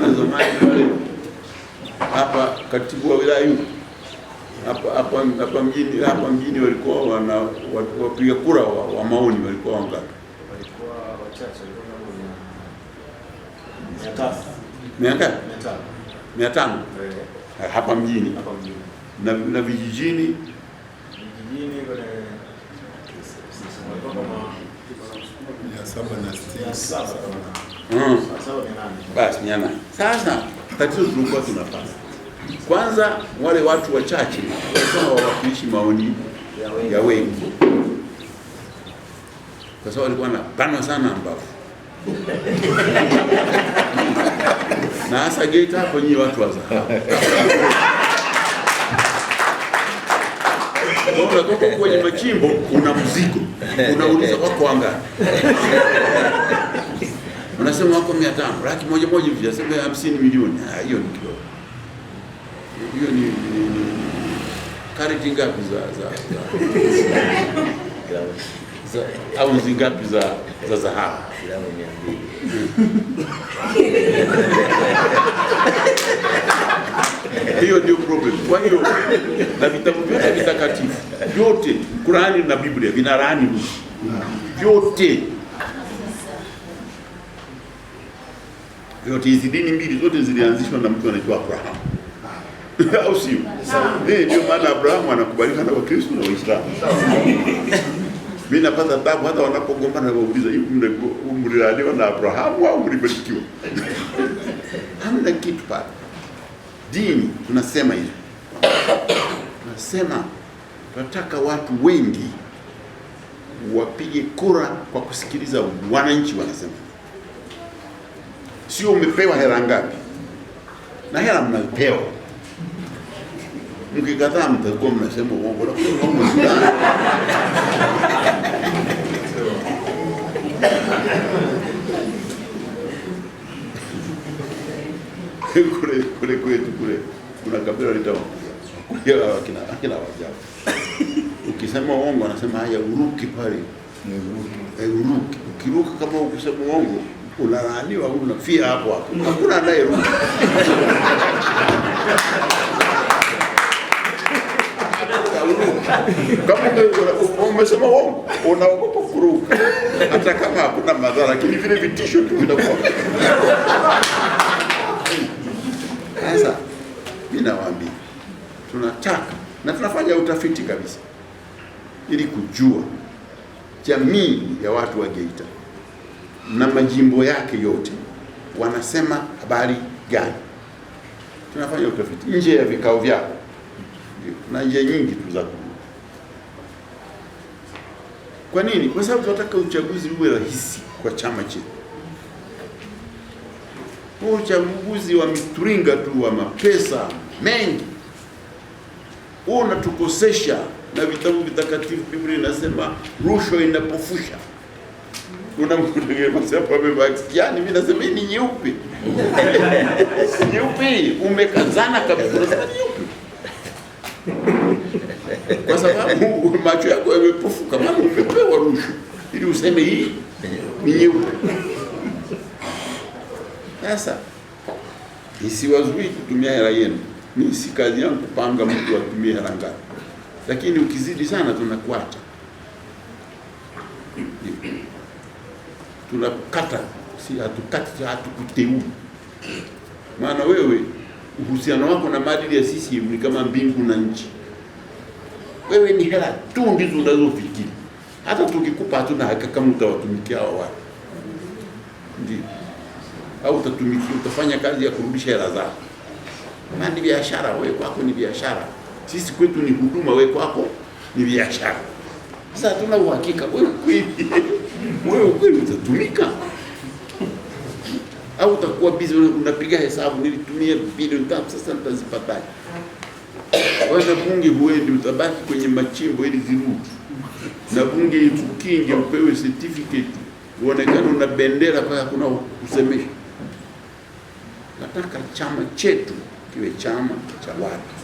maana zamani pale hapa katibu wa wilaya yuko hapa hapa hapa mjini hapa mjini walikuwa wana wapiga kura wa, wa maoni walikuwa wangapi? Walikuwa wachache, walikuwa mia ngapi? mia tano hapa mjini na, na vijijini vijijini basi ni nani? Sasa tatizo tulikuwa tunapata kwanza, wale watu wachache walikuwa wawakilishi maoni ya wengi, kwa sababu walikuwa na pana sana ambapo na hasa Geita hapo, nyinyi watu wa dhahabu unatoka kwenye machimbo, una mzigo, unauliza wako wangapi? unasema wako mia tano laki moja moja hivi, unasema hamsini milioni. Ah, hiyo ni kidogo, hiyo ni kariti ngapi za za au zingapi za za dhahabu? Hiyo ndio problem. Kwa hiyo na vitabu vyote vitakatifu vyote, Qurani na Biblia vinalaani rushwa vyote yote hizi dini mbili zote zilianzishwa na mtu anaitwa Abraham au sio? Eh, ndio maana Abrahamu anakubalika na Wakristo na Waislamu. Mimi napata babu hata wanapogombana kuuliza hivi, mlilaliwa na Abrahamu au mlibarikiwa? Hamna kitu pale. Dini tunasema hivi, tunasema tunataka watu wengi wapige kura kwa kusikiliza wananchi wanasema sio umepewa hela ngapi, na hela mnapewa mkikataa mtakuwa mnasema uongo kule kule kwetu kule kuna kabila litakuja wakina wakina Wajabu. Ukisema uongo anasema haya, uruki pale, uruki eh, ukiruka, kama ukisema uongo unalaaniwa, unafia hapo hapo, hakuna anayerudi. Kama umesema uongo, unaogopa kuruka, hata kama hakuna madhara, lakini vile vitisho tu vinakuwa sasa. Mimi nawaambia tunataka na tunafanya utafiti kabisa ili kujua jamii ya watu wa Geita na majimbo yake yote wanasema habari gani. Tunafanya utafiti nje ya vikao vyao na njia nyingi tu za Kwa nini? Kwa sababu tunataka uchaguzi uwe rahisi kwa chama chetu. Huu uchaguzi wa mituringa tu wa mapesa mengi huu unatukosesha, na vitabu vitakatifu Biblia inasema rushwa inapofusha kuna mkuaani mimi nasema hii ni nyeupe nyeupe, umekazana kabisa, kwa sababu macho yako yamepofuka, maana umepewa rushu ili useme hii ni nyeupe. Sasa isiwazuii kutumia hela yenu. Mimi si kazi yangu kupanga mtu atumie hela ngapi, lakini ukizidi sana tunakuacha. tunakata, si hatukati, hatukuteui. Maana wewe uhusiano wako na maadili ya CCM ni kama mbingu na nchi. Wewe ni hela tu ndizo unazofikiri, hata tukikupa hatuna hakika kama utawatumikia hao watu, ndio au utatumikia, utafanya kazi ya kurudisha hela zao. Maana ni biashara, wewe kwako ni biashara, sisi kwetu ni huduma, wewe kwako ni biashara. Sasa hatuna uhakika wewe kweli wewe kweli utatumika au utakuwa busy unapiga hesabu, nilitumia bilioni tatu, sasa nitazipataje? Wewe bunge huendi, utabaki kwenye machimbo ili zirudi, na bunge itukinge, upewe certificate, uonekane una bendera kwa hakuna kusemesha. Nataka chama chetu kiwe chama cha watu.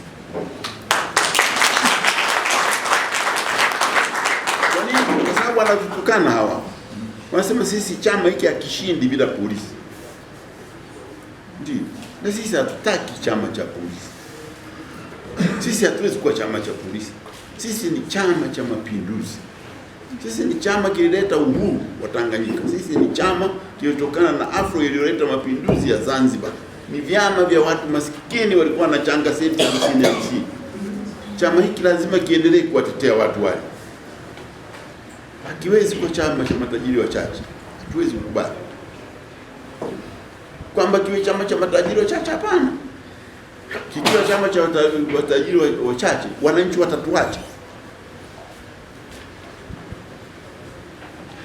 wanatutukana hawa, wanasema sisi chama hiki hakishindi bila polisi. Ndio, na sisi hatutaki chama cha polisi, sisi hatuwezi kuwa chama cha polisi. Sisi ni Chama cha Mapinduzi. Sisi ni chama kilileta uhuru wa Tanganyika. Sisi ni chama kilitokana na afro iliyoleta mapinduzi ya Zanzibar. Ni vyama vya watu masikini walikuwa na changa senti hamsini hamsini. Chama hiki lazima kiendelee kuwatetea watu wale. Hakiwezi kuwa chama cha matajiri wachache, hatuwezi kukubali kwamba kiwe chama cha matajiri wachache. Hapana, kikiwa chama cha matajiri wachache, wananchi watatuacha,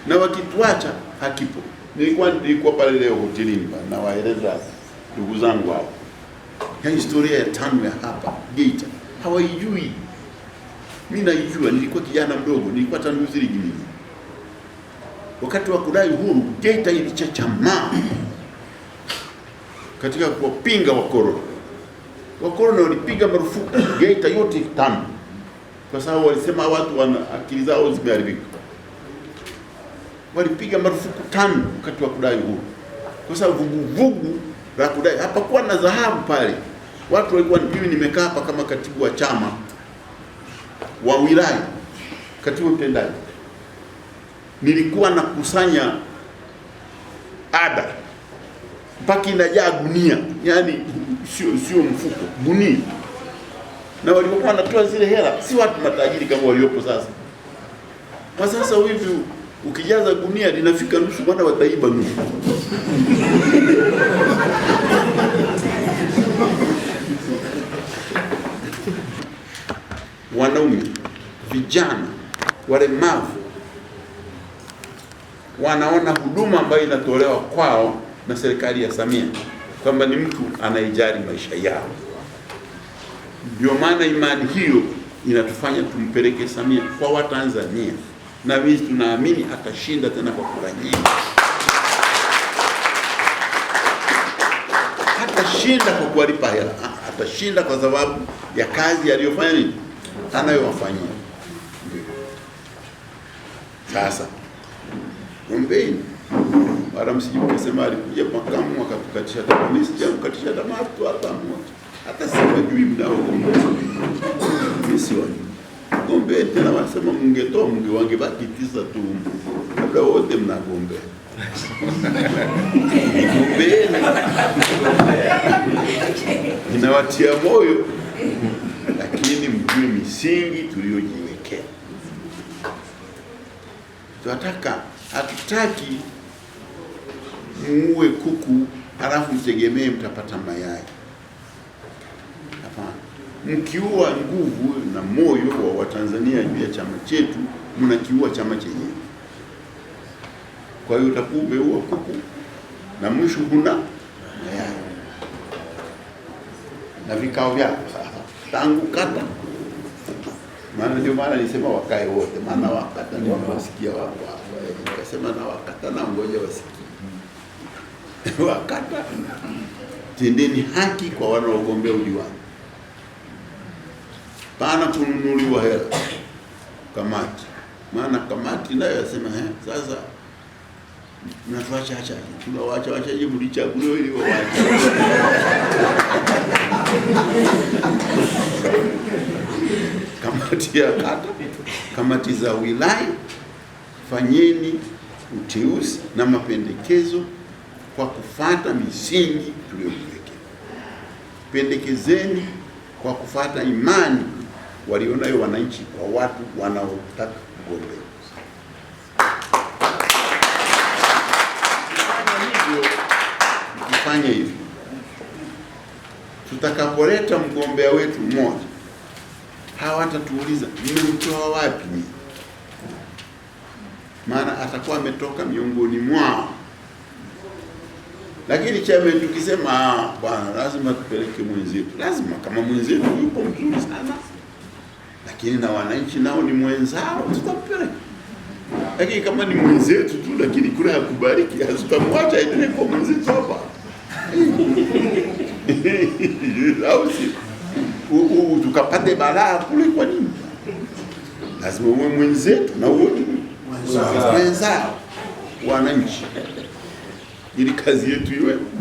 na wakituacha hakipo. Nilikuwa nilikuwa pale leo hotelini na waeleza ndugu zangu hao ya historia ya tano ya hapa Geita, hawaijui. mi naijua, nilikuwa kijana mdogo, nilikuwa TANU zili wakati wa kudai uhuru Geita ilichachamaa katika kuwapinga wakoloni. Wakoloni walipiga marufuku Geita yote tano, kwa sababu walisema watu wana akili zao zimeharibika. Walipiga marufuku tano wakati wa kudai uhuru, kwa sababu vuguvugu la kudai, hapakuwa na dhahabu pale. Watu walikuwa, mimi nimekaa hapa kama katibu wa chama wa wilaya, katibu mtendaji nilikuwa nakusanya ada mpaka inajaa gunia, yani sio sio mfuko, gunia. Na waliokuwa wanatoa zile hela si watu matajiri kama waliopo sasa. Kwa sasa hivi ukijaza gunia linafika nusu, bwana wataiba nusu wanaume, vijana, walemavu wanaona huduma ambayo inatolewa kwao na serikali ya Samia kwamba ni mtu anayejali maisha yao. Ndio maana imani hiyo inatufanya tumpeleke Samia kwa Watanzania, na mimi tunaamini atashinda tena kwa kura nyingi, atashinda kwa kuwalipa hela, ah, atashinda kwa sababu ya kazi aliyofanya, nini anayowafanyia sasa ombeni, wala msijibu kasema alikuja makamu akatukatisha tamaa. Mimi sijakukatisha tamaa tu hata mmoja, hata siwajui mnaogombea, mimi siwajui. Gombea tena, wanasema mngetoa mnge wangebaki tisa tu, labda wote mnagombea. Gombeni, ninawatia moyo lakini mjue misingi tuliyojiwekea tunataka hatutaki muue kuku halafu mtegemee mtapata mayai. Hapana, mkiua nguvu na moyo wa Watanzania juu ya chama chetu, mnakiua chama chenyewe. Kwa hiyo utakuwa umeua kuku na mwisho huna mayai na vikao vyako sasa tangu kata maana, ndio maana nisema wakae wote, maana wakata ndio wasikia wao wakasema na wakata na mgoja wasikie wakata, tendeni haki kwa wanaogombea udiwani, pana kununuliwa hela kamati, maana kamati nayo yasema he, eh, sasa mnatuachacha tunawachawachaje mlichaguliwa ili wawache kamati ya kata, kamati za wilaya, fanyeni uteuzi na mapendekezo kwa kufata misingi tuliyoiwekea. Pendekezeni kwa kufata imani walionayo wananchi kwa watu wanaotaka kugombea. Mkifanya hivyo, tutakapoleta mgombea wetu mmoja, hawatatuuliza mmemtoa wapi maana atakuwa ametoka miongoni mwao. Lakini chama tukisema ah, bwana, lazima tupeleke mwenzetu, lazima kama mwenzetu yupo mzuri sana, lakini na wananchi nao ni mwenzao, tutampeleka. Lakini kama ni mwenzetu tu, lakini kule hakubariki, hatutamwacha aendelee kwa mwenzetu hapa au si tukapate balaa kule. Kwa nini lazima uwe mwenzetu na uwe wenzao wananchi, ili kazi yetu iwe